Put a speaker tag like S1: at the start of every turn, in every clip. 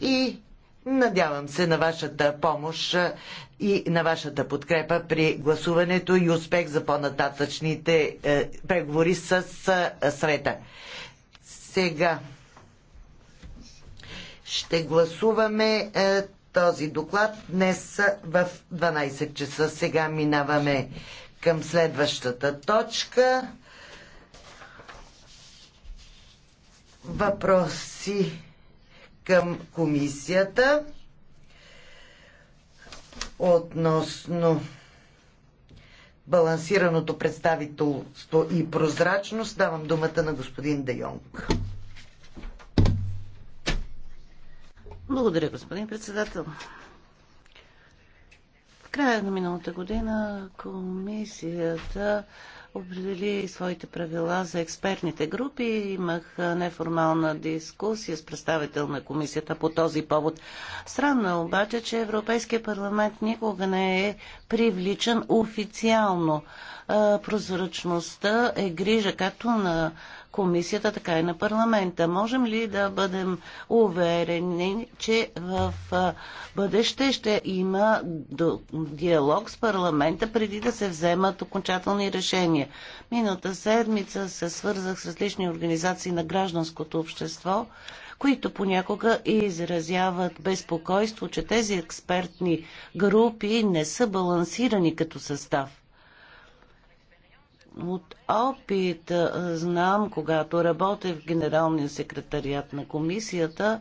S1: и надявам се на вашата помощ и на вашата подкрепа при гласуването и успех за по-нататъчните е, преговори с света. Сега ще гласуваме е, този доклад днес в 12 часа. Сега минаваме към следващата точка. Въпроси към комисията относно балансираното представителство и прозрачност. Давам думата на господин Де Йонг. Благодаря,
S2: господин председател. В края на миналата година комисията определи своите правила за експертните групи. Имах неформална дискусия с представител на комисията по този повод. Странно е обаче, че Европейския парламент никога не е привличан официално. Прозрачността е грижа както на комисията, така и на парламента. Можем ли да бъдем уверени, че в бъдеще ще има диалог с парламента преди да се вземат окончателни решения? Миналата седмица се свързах с различни организации на гражданското общество които понякога изразяват безпокойство, че тези експертни групи не са балансирани като състав. От опит знам, когато работя в Генералния секретариат на комисията,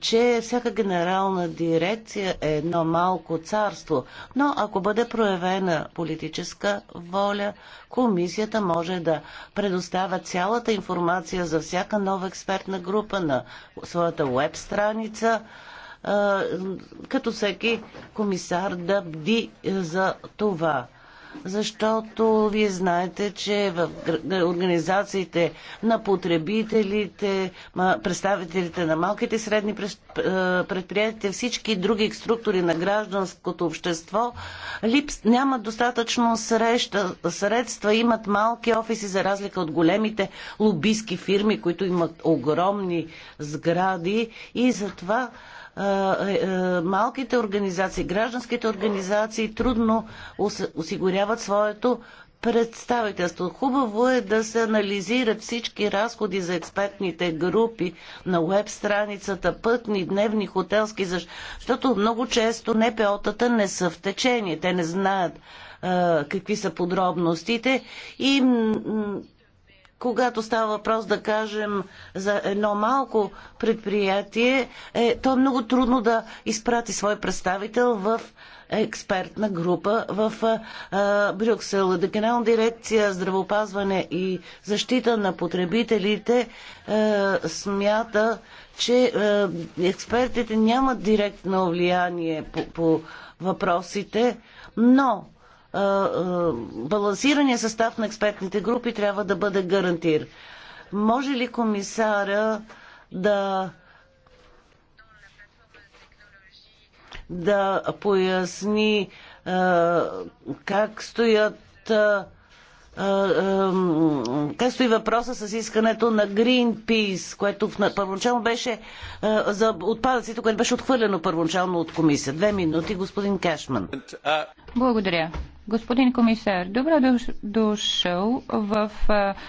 S2: че всяка генерална дирекция е едно малко царство, но ако бъде проявена политическа воля, комисията може да предоставя цялата информация за всяка нова експертна група на своята веб страница, е, като всеки комисар да бди за това защото вие знаете, че в организациите на потребителите, представителите на малките и средни предприятия, всички други структури на гражданското общество липс, нямат достатъчно среща, средства, имат малки офиси за разлика от големите лобистки фирми, които имат огромни сгради и затова е, е, малките организации, гражданските организации трудно осигуряват своето представителство. Хубаво е да се анализират всички разходи за експертните групи на веб страницата, пътни, дневни, хотелски, защото много често НПО-тата не са в течение. Те не знаят какви са подробностите и когато става въпрос, да кажем, за едно малко предприятие, е, то е много трудно да изпрати свой представител в експертна група в а, Брюксел. Генерална дирекция здравеопазване и защита на потребителите а, смята, че а, експертите нямат директно влияние по, по въпросите, но балансирания състав на експертните групи трябва да бъде гарантиран. Може ли комисара да да поясни как стоят как стои въпроса с искането на Greenpeace, което първоначално беше за отпадъците, което беше отхвърлено първоначално от комисия. Две минути, господин Кешман.
S3: Благодаря. Господин комисар, добре дошъл в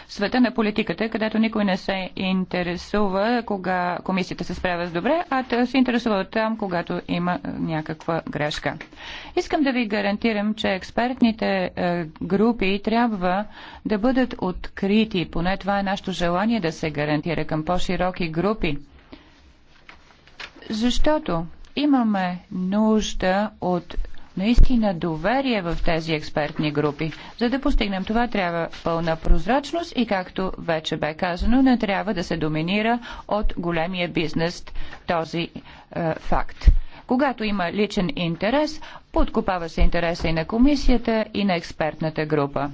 S3: света на политиката, където никой не се интересува кога комисията се справя с добре, а се интересува от там, когато има някаква грешка. Искам да ви гарантирам, че експертните групи трябва да бъдат открити. Поне това е нашето желание да се гарантира към по-широки групи. Защото имаме нужда от наистина доверие в тези експертни групи. За да постигнем това трябва пълна прозрачност и както вече бе казано, не трябва да се доминира от големия бизнес този е, факт. Когато има личен интерес, подкопава се интереса и на комисията, и на експертната група.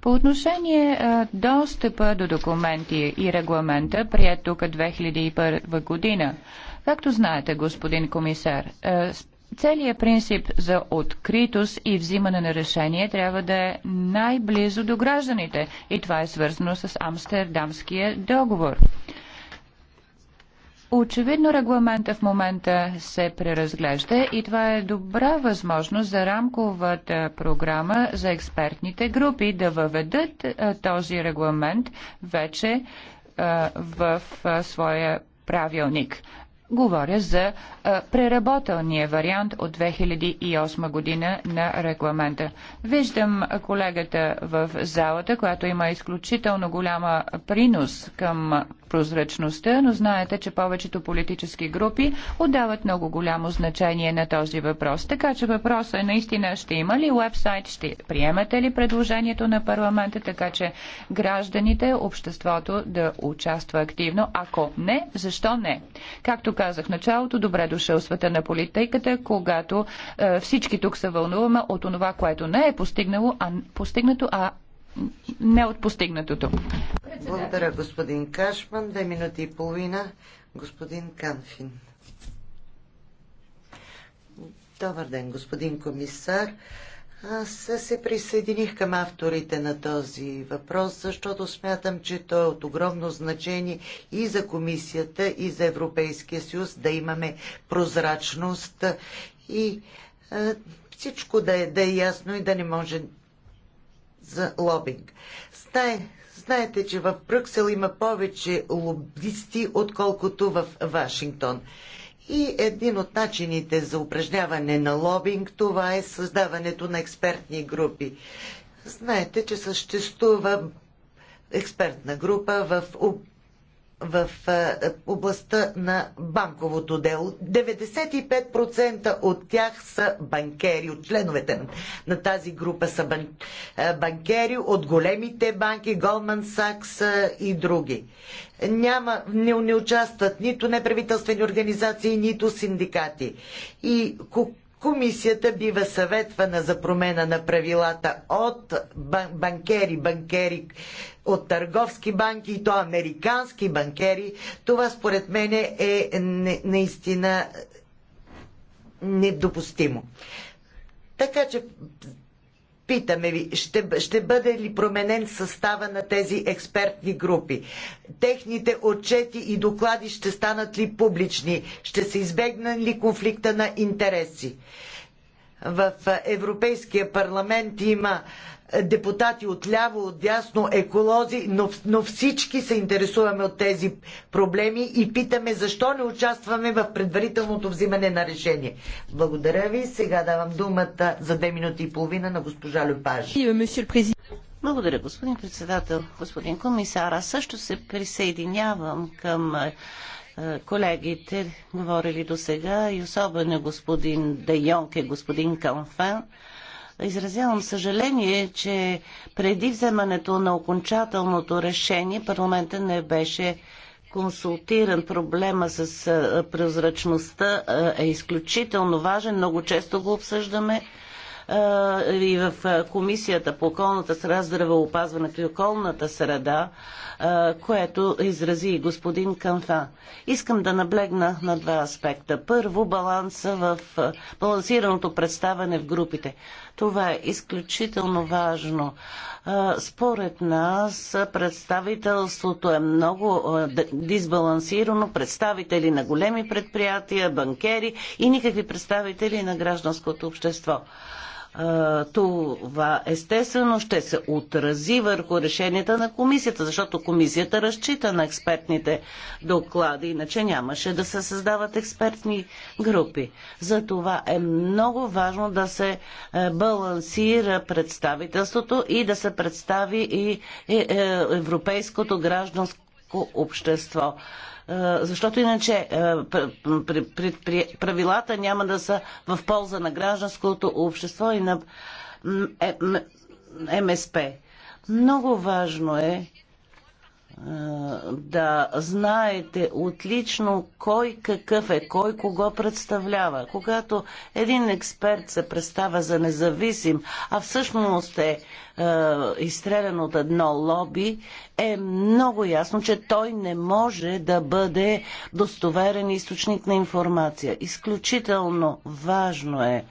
S3: По отношение е, достъпа до документи и регламента, прият тук 2001 година, както знаете, господин комисар, е, целият принцип за откритост и взимане на решение трябва да е най-близо до гражданите. И това е свързано с Амстердамския договор. Очевидно регламента в момента се преразглежда и това е добра възможност за рамковата програма за експертните групи да въведат този регламент вече в своя правилник. Говоря за а, преработалния вариант от 2008 година на регламента. Виждам колегата в залата, която има изключително голяма принос към прозрачността, но знаете, че повечето политически групи отдават много голямо значение на този въпрос. Така че въпросът е наистина ще има ли вебсайт, ще приемате ли предложението на парламента, така че гражданите, обществото да участва активно. Ако не, защо не? Както казах в началото, добре дошъл света на политиката, когато е, всички тук се вълнуваме от това, което не е постигнало, а, постигнато, а не от постигнатото.
S4: Благодаря,
S1: господин Кашман. Две минути и половина, господин Канфин. Добър ден, господин комисар. Аз се присъединих към авторите на този въпрос, защото смятам, че той е от огромно значение и за комисията, и за Европейския съюз да имаме прозрачност и всичко да е, да е ясно и да не може за лобинг. Знае, знаете, че в Брюксел има повече лобисти, отколкото в Вашингтон. И един от начините за упражняване на лобинг, това е създаването на експертни групи. Знаете, че съществува експертна група в в областта на банковото дело. 95% от тях са банкери, от членовете на тази група са бан, банкери от големите банки, Goldman Sachs и други. Няма, не, не участват нито неправителствени организации, нито синдикати. И Комисията бива съветвана за промена на правилата от банкери, банкери от търговски банки и то американски банкери. Това според мен е наистина е, недопустимо. Така че Питаме ви, ще, ще бъде ли променен състава на тези експертни групи? Техните отчети и доклади ще станат ли публични? Ще се избегна ли конфликта на интереси? В Европейския парламент има депутати от ляво, от дясно, еколози, но, но всички се интересуваме от тези проблеми и питаме защо не участваме в предварителното взимане на решение. Благодаря ви. Сега давам думата за две минути и половина на госпожа Люпаж. Благодаря, господин председател. Господин комисар,
S2: аз също се присъединявам към е, е, колегите, говорили до сега, и особено господин Дайонке, и господин Канфен Изразявам съжаление, че преди вземането на окончателното решение парламента не беше консултиран. Проблема с прозрачността е изключително важен. Много често го обсъждаме и в Комисията по околната среда, здравеопазването и околната среда, което изрази и господин Канфа. Искам да наблегна на два аспекта. Първо, баланса в балансираното представане в групите. Това е изключително важно. Според нас представителството е много дисбалансирано. Представители на големи предприятия, банкери и никакви представители на гражданското общество това естествено ще се отрази върху решенията на комисията, защото комисията разчита на експертните доклади, иначе нямаше да се създават експертни групи. За това е много важно да се е, балансира представителството и да се представи и е, европейското гражданско общество. Е, защото иначе е, правилата няма да са в полза на гражданското общество и на е, МСП. Много важно е да знаете отлично кой какъв е, кой кого представлява. Когато един експерт се представя за независим, а всъщност е, е изстрелян от едно лоби, е много ясно, че той не може да бъде достоверен източник на информация. Изключително важно е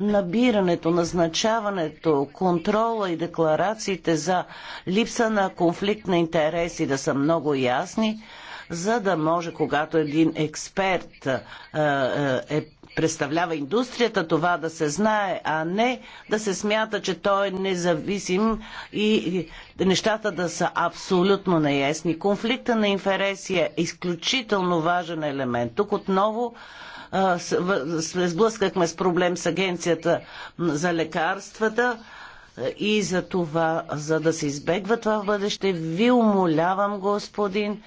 S2: набирането, назначаването, контрола и декларациите за липса на конфликт на интереси да са много ясни, за да може, когато един експерт е, е, е представлява индустрията, това да се знае, а не да се смята, че той е независим и нещата да са абсолютно неясни. Конфликта на интереси е изключително важен елемент. Тук отново се сблъскахме с проблем с агенцията за лекарствата е, и за това, за да се избегва това в бъдеще, ви умолявам, господин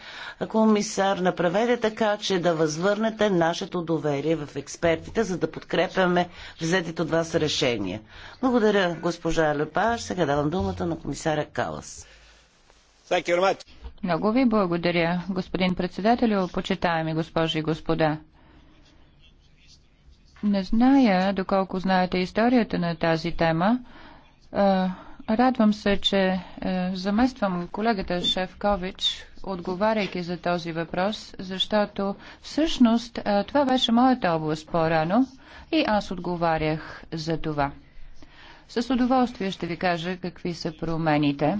S2: комисар, направете така, че да възвърнете нашето доверие в експертите, за да подкрепяме взетите от вас решения. Благодаря, госпожа Лепаш. Сега давам думата на комисаря Калас.
S3: Много ви благодаря, господин председател, почитаеми госпожи и господа. Не зная доколко знаете историята на тази тема. Радвам се, че е, замествам колегата Шефкович, отговаряйки за този въпрос, защото всъщност е, това беше моята област по-рано и аз отговарях за това. С удоволствие ще ви кажа какви са промените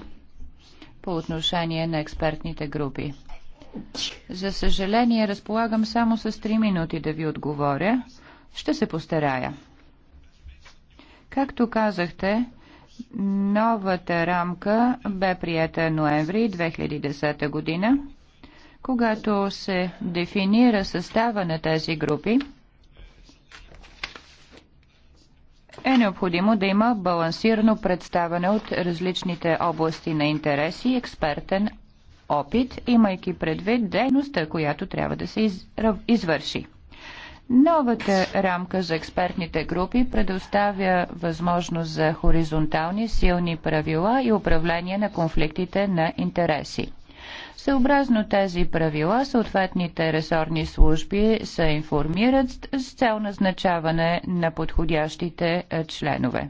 S3: по отношение на експертните групи. За съжаление, разполагам само с 3 минути да ви отговоря. Ще се постарая. Както казахте, новата рамка бе приета ноември 2010 година, когато се дефинира състава на тези групи. е необходимо да има балансирано представане от различните области на интереси и експертен опит, имайки предвид дейността, която трябва да се извърши. Новата рамка за експертните групи предоставя възможност за хоризонтални силни правила и управление на конфликтите на интереси. Съобразно тези правила, съответните ресорни служби се информират с цел назначаване на подходящите е, членове,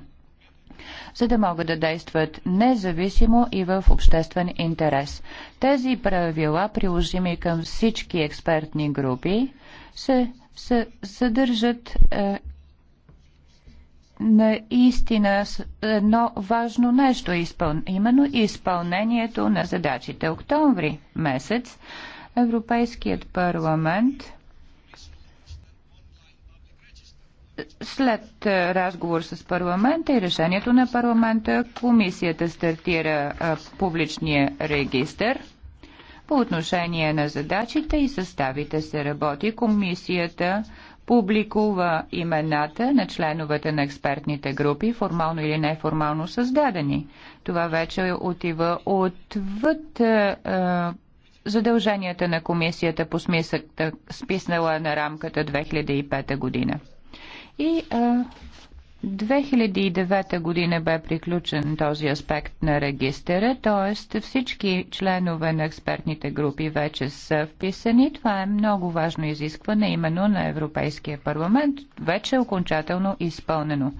S3: за да могат да действат независимо и в обществен интерес. Тези правила, приложими към всички експертни групи, се съдържат е, наистина едно важно нещо, именно изпълнението на задачите. Октомври месец Европейският парламент след е, разговор с парламента и решението на парламента, комисията стартира е, публичния регистр – по отношение на задачите и съставите се работи. Комисията публикува имената на членовете на експертните групи, формално или неформално създадени. Това вече отива отвъд е, е задълженията на комисията по смисъкта, списнала на рамката 2005 година. И е, 2009 година бе приключен този аспект на регистъра, т.е. всички членове на експертните групи вече са вписани. Това е много важно изискване именно на Европейския парламент, вече е окончателно изпълнено.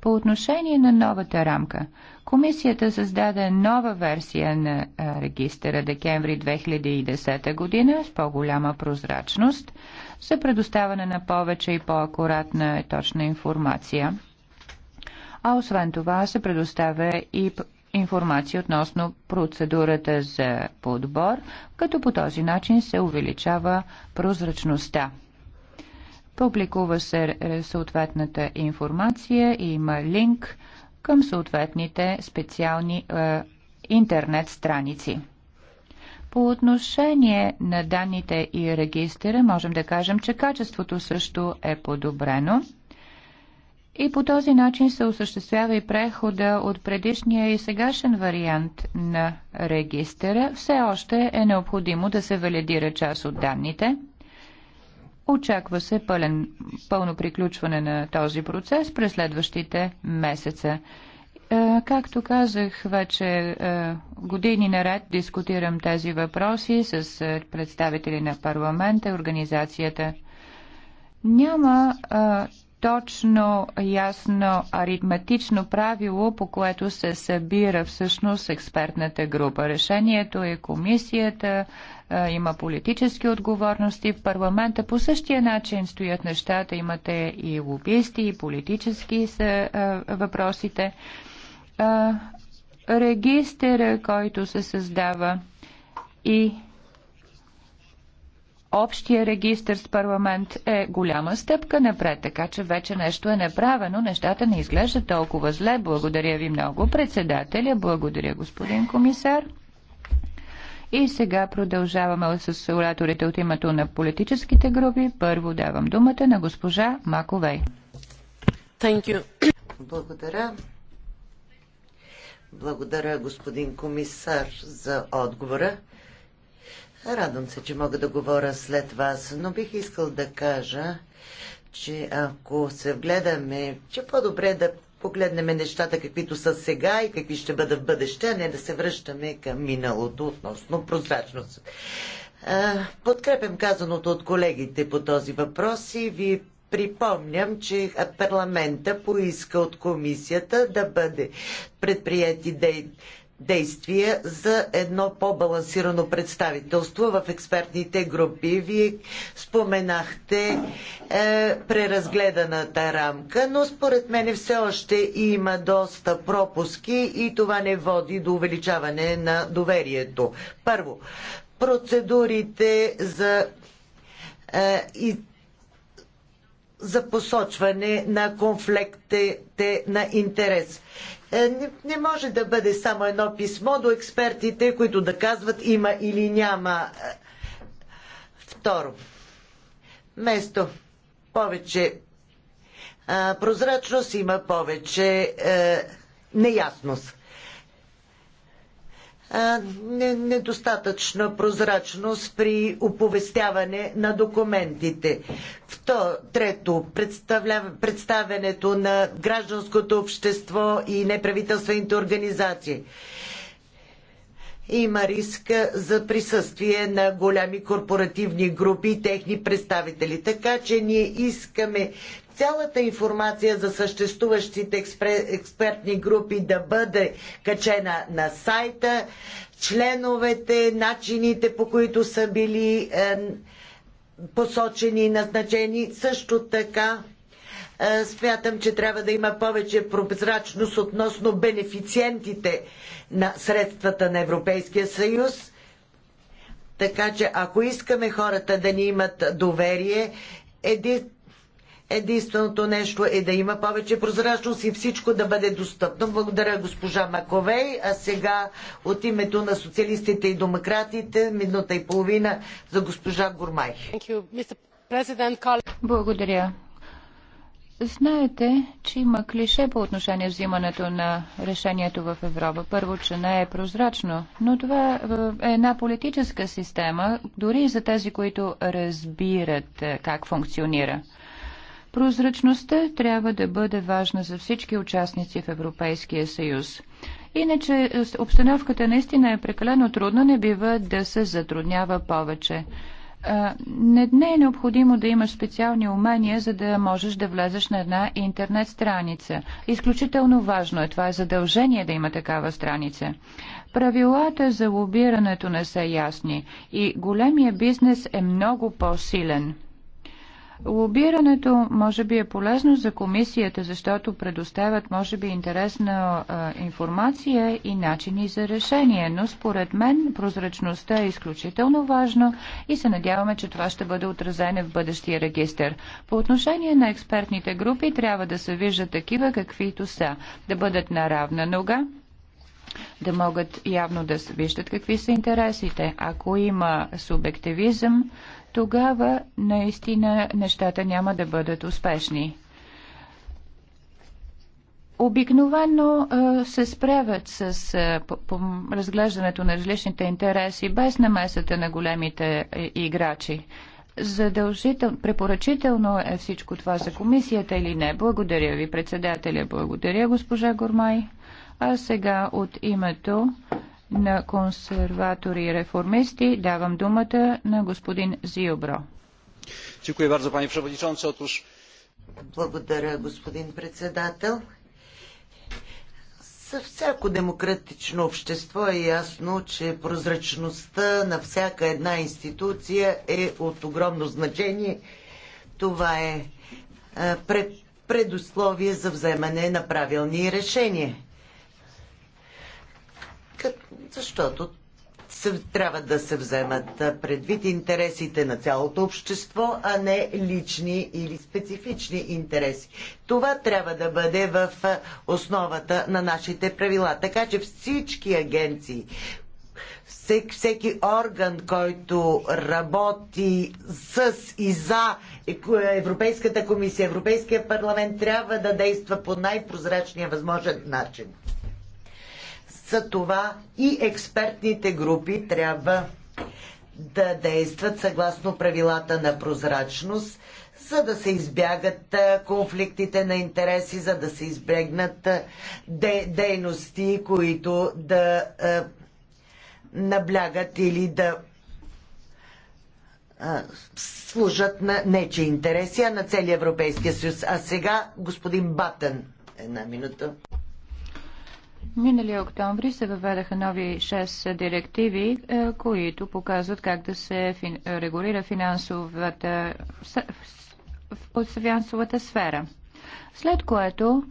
S3: По отношение на новата рамка, комисията създаде нова версия на регистъра декември 2010 година с по-голяма прозрачност за предоставяне на повече и по-акуратна и точна информация а освен това се предоставя и информация относно процедурата за подбор, като по този начин се увеличава прозрачността. Публикува се съответната информация и има линк към съответните специални е, интернет страници. По отношение на данните и регистъра можем да кажем, че качеството също е подобрено. И по този начин се осъществява и прехода от предишния и сегашен вариант на регистъра. Все още е необходимо да се валидира част от данните. Очаква се пълен, пълно приключване на този процес през следващите месеца. Е, както казах вече, е, години наред дискутирам тези въпроси с е, представители на парламента и организацията. Няма точно, ясно, аритметично правило, по което се събира всъщност експертната група. Решението е комисията, има политически отговорности в парламента. По същия начин стоят нещата, имате и лобисти, и политически са въпросите. Регистъра, който се създава и общия регистр с парламент е голяма стъпка напред, така че вече нещо е направено. Нещата не изглеждат толкова зле. Благодаря ви много, председателя. Благодаря, господин комисар. И сега продължаваме с ораторите от името на политическите групи. Първо давам думата на госпожа Маковей.
S1: Thank you. Благодаря. Благодаря, господин комисар, за отговора. Радвам се, че мога да говоря след вас, но бих искал да кажа, че ако се вгледаме, че по-добре да погледнем нещата каквито са сега и какви ще бъдат в бъдеще, а не да се връщаме към миналото относно прозрачност. Подкрепям казаното от колегите по този въпрос и ви припомням, че парламента поиска от комисията да бъде предприяти действия действия за едно по-балансирано представителство в експертните групи. Вие споменахте е, преразгледаната рамка, но според мен все още има доста пропуски и това не води до увеличаване на доверието. Първо, процедурите за е, и, за посочване на конфликтите на интерес. Е, не, не може да бъде само едно писмо до експертите, които да казват има или няма. Е, второ, Место повече а, прозрачност има повече а, е, неясност недостатъчна прозрачност при оповестяване на документите. трето, представянето на гражданското общество и неправителствените организации. Има риск за присъствие на голями корпоративни групи и техни представители. Така че ние искаме цялата информация за съществуващите експертни групи да бъде качена на сайта, членовете, начините по които са били е, посочени и назначени. Също така е, смятам, че трябва да има повече прозрачност относно бенефициентите на средствата на Европейския съюз. Така че ако искаме хората да ни имат доверие, един, Единственото нещо е да има повече прозрачност и всичко да бъде достъпно. Благодаря госпожа Маковей. А сега от името на социалистите и демократите, минута и половина за госпожа Гурмай.
S3: Благодаря. Знаете, че има клише по отношение взимането на решението в Европа. Първо, че не е прозрачно, но това е една политическа система, дори за тези, които разбират е, как функционира. Прозрачността трябва да бъде важна за всички участници в Европейския съюз. Иначе е, обстановката наистина е прекалено трудна, не бива да се затруднява повече. Не, не е необходимо да имаш специални умения, за да можеш да влезеш на една интернет страница. Изключително важно е, това е задължение да има такава страница. Правилата за лобирането не са ясни и големия бизнес е много по-силен. Лобирането може би е полезно за комисията, защото предоставят може би интересна а, информация и начини за решение, но според мен прозрачността е изключително важна и се надяваме, че това ще бъде отразено в бъдещия регистр. По отношение на експертните групи трябва да се виждат такива, каквито са, да бъдат на равна нога да могат явно да се виждат какви са интересите. Ако има субективизъм, тогава наистина нещата няма да бъдат успешни. Обикновено се справят с разглеждането на различните интереси без намесата на големите играчи. Задължител... Препоръчително е всичко това за комисията или не? Благодаря ви, председателя. Благодаря, госпожа Гормай. А сега от името на консерватори и реформисти давам думата на господин Зиобро.
S1: Благодаря, господин председател. Съв всяко демократично общество е ясно, че прозрачността на всяка една институция е от огромно значение. Това е предусловие за вземане на правилни решения защото се, трябва да се вземат предвид интересите на цялото общество, а не лични или специфични интереси. Това трябва да бъде в основата на нашите правила. Така че всички агенции, всек, всеки орган, който работи с и за Европейската комисия, Европейския парламент, трябва да действа по най-прозрачния възможен начин. За това и експертните групи трябва да действат съгласно правилата на прозрачност, за да се избягат конфликтите на интереси, за да се избегнат дейности, които да наблягат или да служат на нече интереси, а на целия Европейския съюз. А сега господин Батън. Една минута.
S3: Миналия октомври се въведаха нови 6 директиви, е, които показват как да се регулира финансовата, финансовата сфера. След което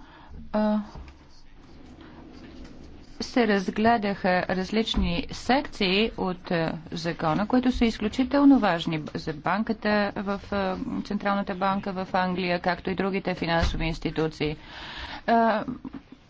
S3: се разгледаха различни секции от е, закона, които са изключително важни за банката в е, Централната банка в Англия, както и другите финансови институции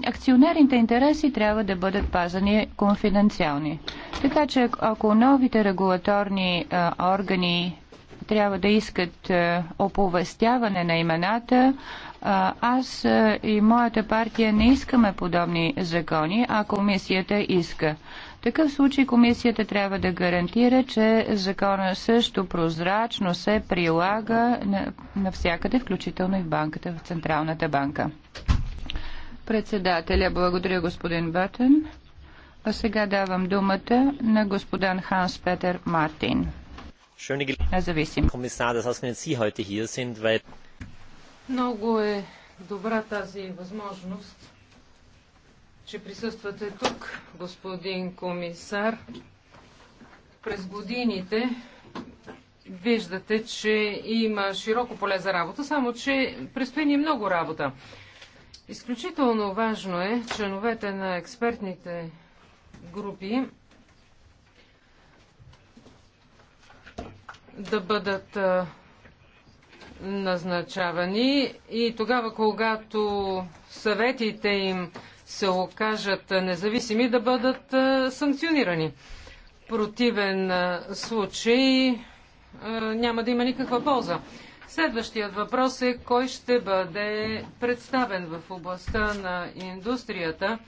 S3: акционерните интереси трябва да бъдат пазани конфиденциални. Така че ако новите регулаторни а, органи трябва да искат а, оповестяване на имената, а, аз а, и моята партия не искаме подобни закони, а комисията иска такъв случай комисията трябва да гарантира, че закона също прозрачно се прилага навсякъде, включително и в банката, в Централната банка. Председателя, благодаря господин Батен. А сега давам думата на господин Ханс Петер Мартин. Независим.
S4: Много е добра тази възможност, че присъствате тук, господин комисар. През годините виждате, че има широко поле за работа, само че предстои ни много работа. Изключително важно е членовете на експертните групи да бъдат назначавани и тогава, когато съветите им се окажат независими, да бъдат санкционирани. Противен случай няма да има никаква полза. Следващият въпрос е кой ще бъде представен в областта на индустрията.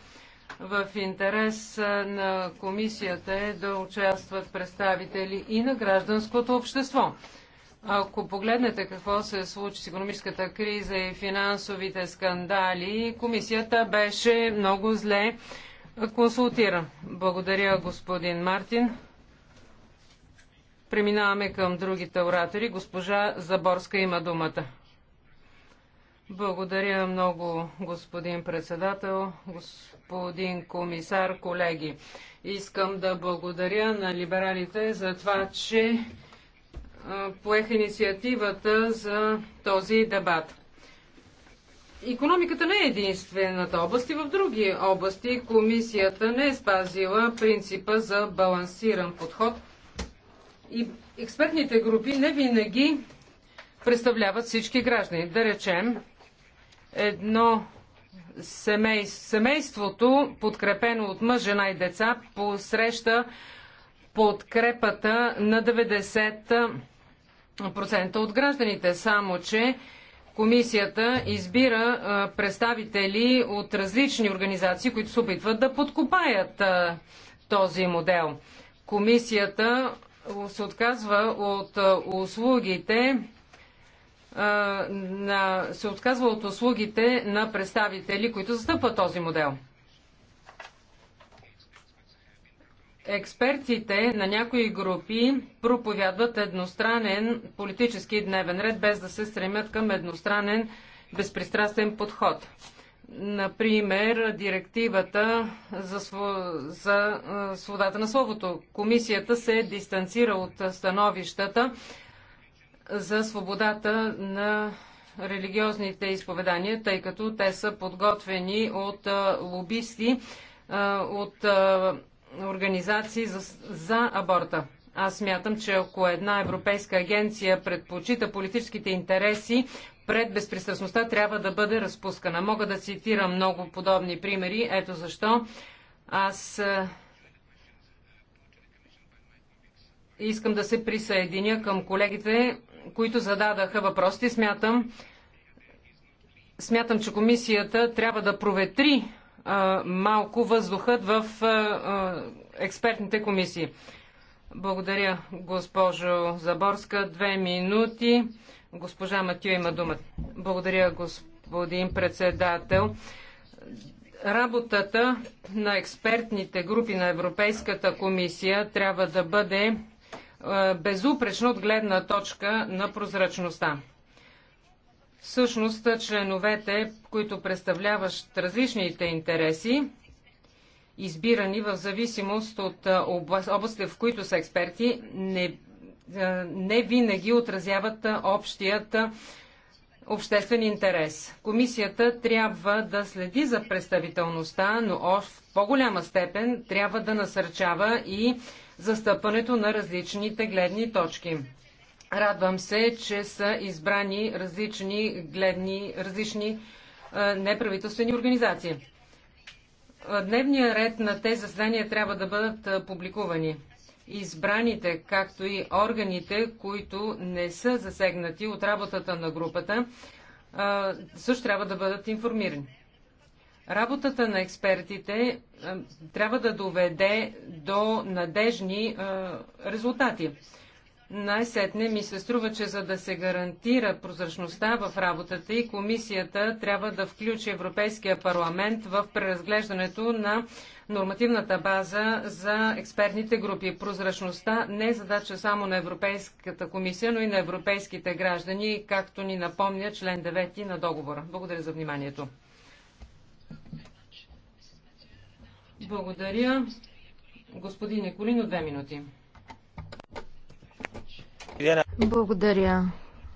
S4: В интерес на комисията е да участват представители и на гражданското общество. Ако погледнете какво се случи с економическата криза и финансовите скандали, комисията беше много зле консултирана. Благодаря, господин Мартин. Преминаваме към другите оратори. Госпожа Заборска има думата. Благодаря много, господин председател, господин комисар, колеги. Искам да благодаря на либералите за това, че поех инициативата за този дебат. Економиката не е единствената област и в други области комисията не е спазила принципа за балансиран подход – и експертните групи не винаги представляват всички граждани. Да речем, едно семей... семейството, подкрепено от мъж, жена и деца, посреща подкрепата на 90% от гражданите. Само, че комисията избира представители от различни организации, които се опитват да подкопаят този модел. Комисията се отказва от услугите на, се отказва от услугите на представители, които застъпват този модел. Експертите на някои групи проповядват едностранен политически дневен ред, без да се стремят към едностранен безпристрастен подход. Например, директивата за, за свободата на словото. Комисията се дистанцира от становищата за свободата на религиозните изповедания, тъй като те са подготвени от лобисти, от организации за, за аборта. Аз смятам, че ако една европейска агенция предпочита политическите интереси пред безпристрастността трябва да бъде разпускана. Мога да цитирам много подобни примери. Ето защо аз искам да се присъединя към колегите, които зададаха въпросите. Смятам, смятам, че комисията трябва да проветри а, малко въздухът в а, а, експертните комисии. Благодаря, госпожо Заборска. Две минути. Госпожа Матю има думата. Благодаря, господин председател. Работата на експертните групи на Европейската комисия трябва да бъде е, безупречно от гледна точка на прозрачността. Всъщност, членовете, които представляват различните интереси, избирани в зависимост от е, областите, в които са експерти, не е, не винаги отразяват е, общият е, обществен интерес. Комисията трябва да следи за представителността, но в по-голяма степен трябва да насърчава и застъпването на различните гледни точки. Радвам се, че са избрани различни гледни, различни неправителствени организации. Дневният ред на тези заседания трябва да бъдат публикувани избраните, както и органите, които не са засегнати от работата на групата, също трябва да бъдат информирани. Работата на експертите трябва да доведе до надежни резултати. Най-сетне ми се струва, че за да се гарантира прозрачността в работата и комисията трябва да включи Европейския парламент в преразглеждането на нормативната база за експертните групи. Прозрачността не е задача само на Европейската комисия, но и на европейските граждани, както ни напомня член 9 на договора. Благодаря за вниманието. Благодаря. Господин от две минути.
S5: Благодаря,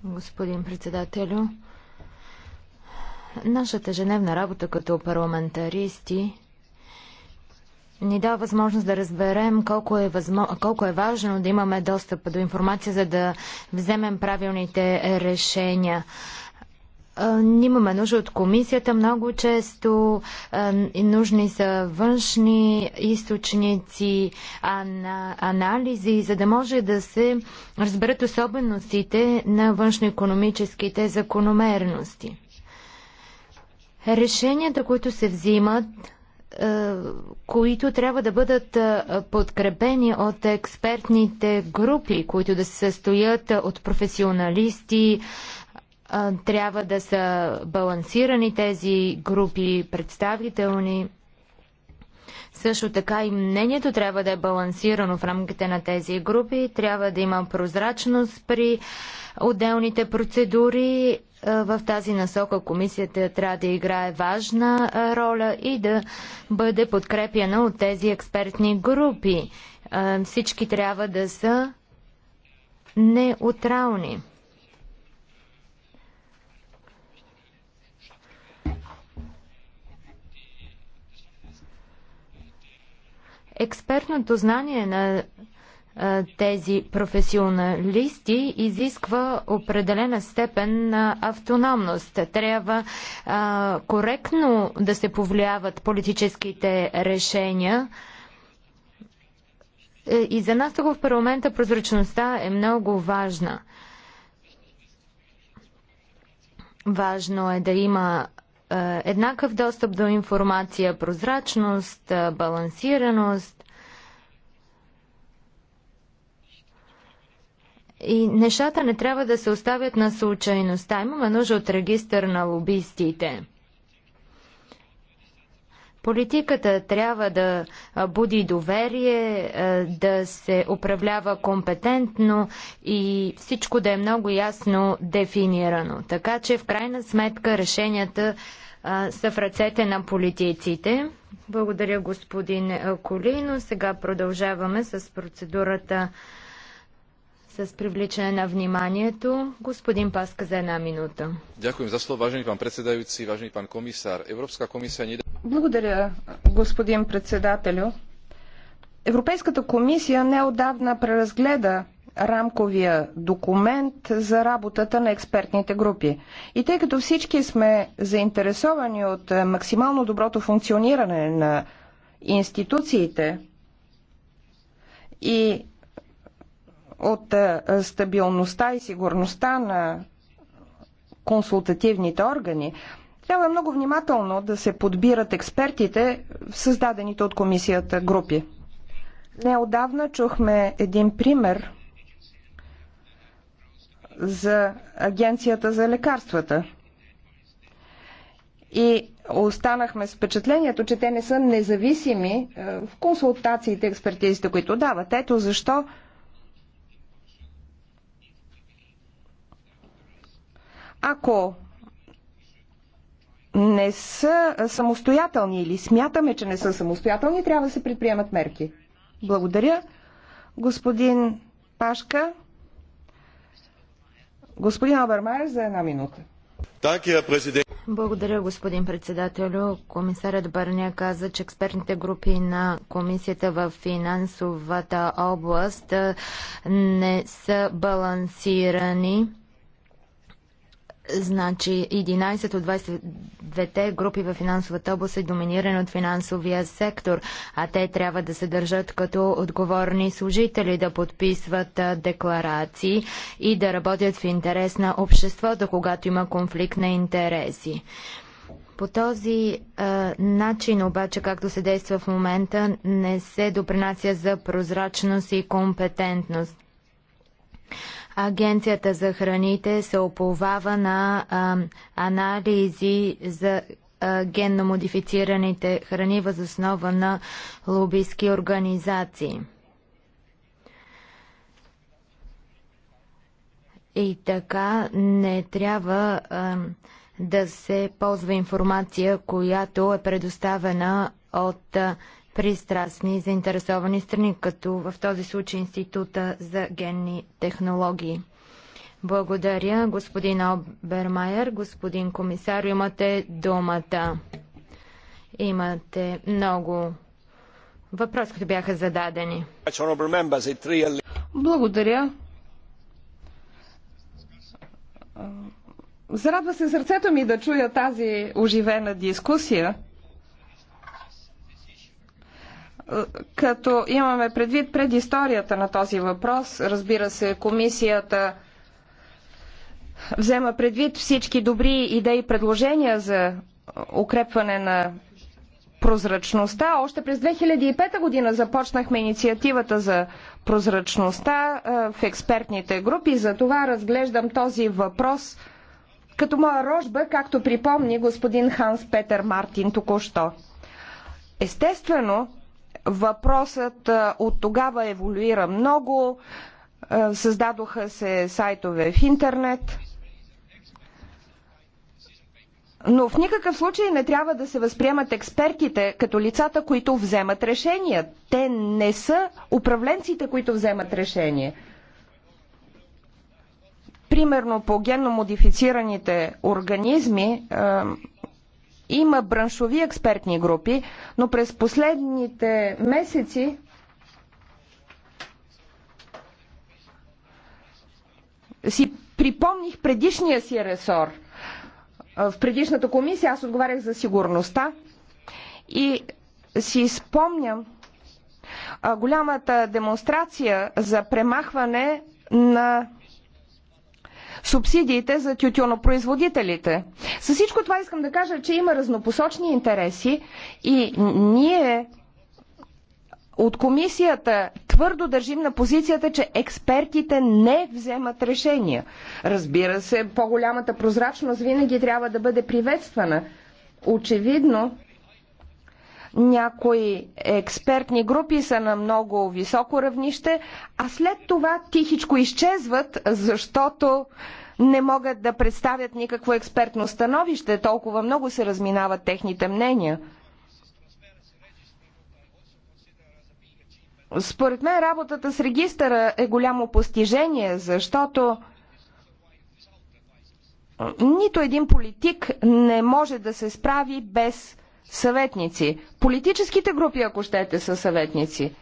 S5: господин председателю. Нашата женевна работа като парламентаристи ни дава възможност да разберем колко е, възмо... колко е важно да имаме достъп до информация, за да вземем правилните решения. Имаме нужда от комисията. Много често нужни са външни източници, анализи, за да може да се разберат особеностите на външно-економическите закономерности. Решенията, които се взимат, които трябва да бъдат подкрепени от експертните групи, които да се състоят от професионалисти, трябва да са балансирани тези групи представителни. Също така и мнението трябва да е балансирано в рамките на тези групи. Трябва да има прозрачност при отделните процедури. В тази насока комисията трябва да играе важна роля и да бъде подкрепяна от тези експертни групи. Всички трябва да са неутрални. Експертното знание на тези професионалисти изисква определена степен на автономност. Трябва а, коректно да се повлияват политическите решения. Е, и за нас тук в парламента прозрачността е много важна. Важно е да има е, еднакъв достъп до информация, прозрачност, е, балансираност. И нещата не трябва да се оставят на случайността. Имаме нужда от регистър на лобистите. Политиката трябва да буди доверие, да се управлява компетентно и всичко да е много ясно дефинирано. Така че в крайна сметка решенията са в ръцете на политиците. Благодаря господин Колино. Сега продължаваме с процедурата с привличане на вниманието. Господин Паска за една минута. Дякуем за слово, важен пан председавици, важен пан комисар. Европска комисия не... Благодаря,
S6: господин председателю. Европейската комисия неодавна преразгледа рамковия документ за работата на експертните групи. И тъй като всички сме заинтересовани от е, максимално доброто функциониране на институциите и от е, стабилността и сигурността на консултативните органи, трябва много внимателно да се подбират експертите в създадените от комисията групи. Неодавна чухме един пример за Агенцията за лекарствата. И останахме с впечатлението, че те не са независими е, в консултациите, експертизите, които дават. Ето защо Ако не са самостоятелни или смятаме, че не са самостоятелни, трябва да се предприемат мерки. Благодаря. Господин
S5: Пашка. Господин Обермайер за една минута. Благодаря, господин председателю. Комисарят Бърня каза, че експертните групи на комисията в финансовата област не са балансирани Значи 11 от 22-те групи в финансовата област са е доминирани от финансовия сектор, а те трябва да се държат като отговорни служители, да подписват декларации и да работят в интерес на обществото, когато има конфликт на интереси. По този а, е, начин обаче, както се действа в момента, не се допринася за прозрачност и компетентност. Агенцията за храните се оповава на а, анализи за а, генно модифицираните храни въз основа на лобистки организации. И така не трябва а, да се ползва информация, която е предоставена от пристрастни и заинтересовани страни, като в този случай Института за генни технологии. Благодаря, господин Обермайер. Господин комисар, имате думата. Имате много въпроси, които бяха зададени. Благодаря. Зарадва
S6: се сърцето ми да чуя тази оживена дискусия като имаме предвид предисторията на този въпрос. Разбира се, комисията взема предвид всички добри идеи и предложения за укрепване на прозрачността. Още през 2005 година започнахме инициативата за прозрачността в експертните групи. За това разглеждам този въпрос като моя рожба, както припомни господин Ханс Петър Мартин току-що. Естествено, въпросът от тогава еволюира много. Създадоха се сайтове в интернет. Но в никакъв случай не трябва да се възприемат експертите като лицата, които вземат решения. Те не са управленците, които вземат решение. Примерно по генно модифицираните организми има браншови експертни групи, но през последните месеци си припомних предишния си ресор. В предишната комисия аз отговарях за сигурността и си спомням голямата демонстрация за премахване на субсидиите за тютюнопроизводителите. С всичко това искам да кажа, че има разнопосочни интереси и ние от комисията твърдо държим на позицията, че експертите не вземат решения. Разбира се, по-голямата прозрачност винаги трябва да бъде приветствана. Очевидно, някои експертни групи са на много високо равнище, а след това тихичко изчезват, защото не могат да представят никакво експертно становище, толкова много се разминават техните мнения. Според мен работата с регистъра е голямо постижение, защото нито един политик не може да се справи без съветници. Политическите групи, ако щете, са съветници.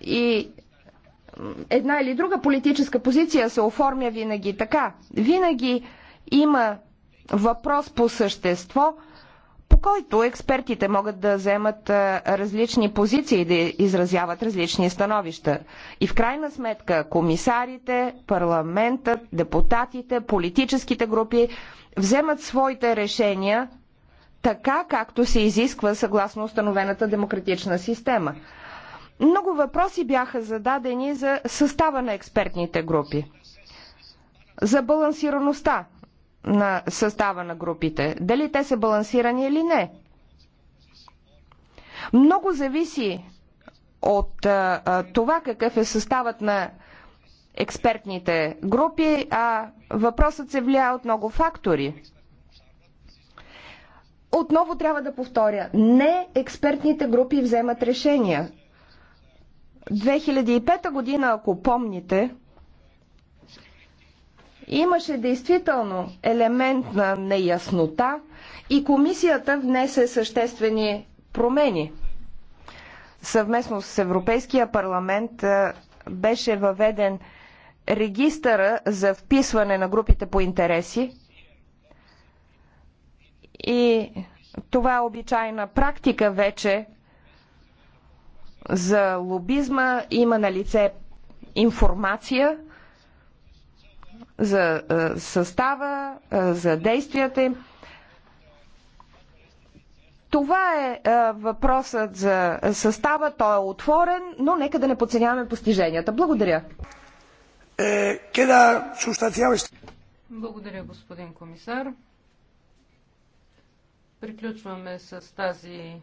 S6: И една или друга политическа позиция се оформя винаги така. Винаги има въпрос по същество, по който експертите могат да вземат различни позиции и да изразяват различни становища. И в крайна сметка комисарите, парламентът, депутатите, политическите групи вземат своите решения така, както се изисква съгласно установената демократична система. Много въпроси бяха зададени за състава на експертните групи, за балансираността на състава на групите, дали те са балансирани или не. Много зависи от а, а, това какъв е съставът на експертните групи, а въпросът се влияе от много фактори. Отново трябва да повторя, не експертните групи вземат решения. 2005 година, ако помните, имаше действително елемент на неяснота и комисията внесе съществени промени. Съвместно с Европейския парламент беше въведен регистъра за вписване на групите по интереси и това е обичайна практика вече за лобизма, има на лице информация за е, състава, е, за действията им. Това е, е въпросът за състава. Той е отворен, но нека да не подценяваме постиженията. Благодаря.
S4: Благодаря, господин комисар. Приключваме с тази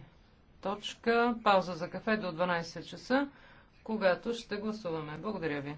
S4: точка. Пауза за кафе до 12 часа, когато ще гласуваме. Благодаря ви.